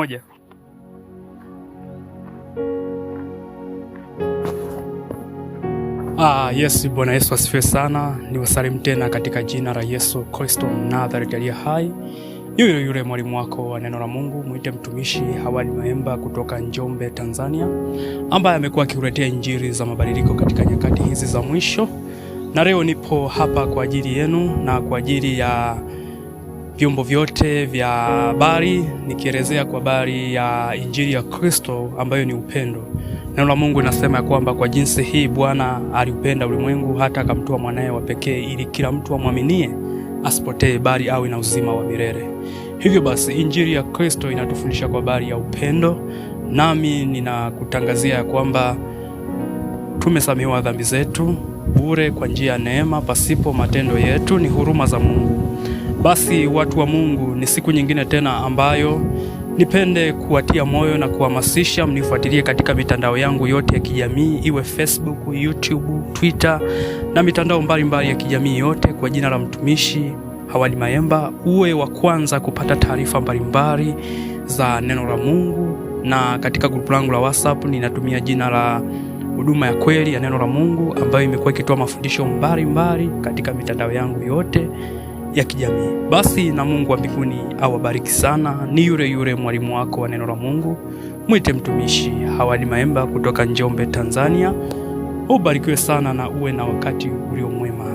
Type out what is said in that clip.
Moja. Ah, yes, Bwana Yesu asifiwe sana. Ni wasalimu tena katika jina la Yesu Kristo Mnazareti aliye hai, yule yule mwalimu wako wa neno la Mungu, mwite mtumishi Haward Maemba kutoka Njombe, Tanzania, ambaye amekuwa akikuletea injili za mabadiliko katika nyakati hizi za mwisho, na leo nipo hapa kwa ajili yenu na kwa ajili ya vyombo vyote vya habari nikielezea kwa habari ya Injili ya Kristo ambayo ni upendo. Neno la Mungu linasema ya kwamba kwa jinsi hii Bwana aliupenda ulimwengu hata akamtoa mwanaye wa pekee ili kila mtu amwaminie asipotee bali awe na uzima wa milele. Hivyo basi Injili ya Kristo inatufundisha kwa habari ya upendo, nami ninakutangazia ya kwamba tumesamehewa dhambi zetu bure kwa njia ya neema pasipo matendo yetu, ni huruma za Mungu. Basi watu wa Mungu, ni siku nyingine tena ambayo nipende kuwatia moyo na kuhamasisha mnifuatilie katika mitandao yangu yote ya kijamii, iwe Facebook, YouTube, Twitter na mitandao mbalimbali mbali ya kijamii yote, kwa jina la mtumishi Hawali Mayemba, uwe wa kwanza kupata taarifa mbalimbali za neno la Mungu. Na katika grupu langu la WhatsApp ninatumia jina la huduma ya kweli ya neno la Mungu ambayo imekuwa ikitoa mafundisho mbalimbali katika mitandao yangu yote ya kijamii. Basi na Mungu wa mbinguni awabariki sana. Ni yule yule mwalimu wako wa neno la Mungu, mwite mtumishi hawani Maemba kutoka Njombe, Tanzania. Ubarikiwe sana na uwe na wakati ulio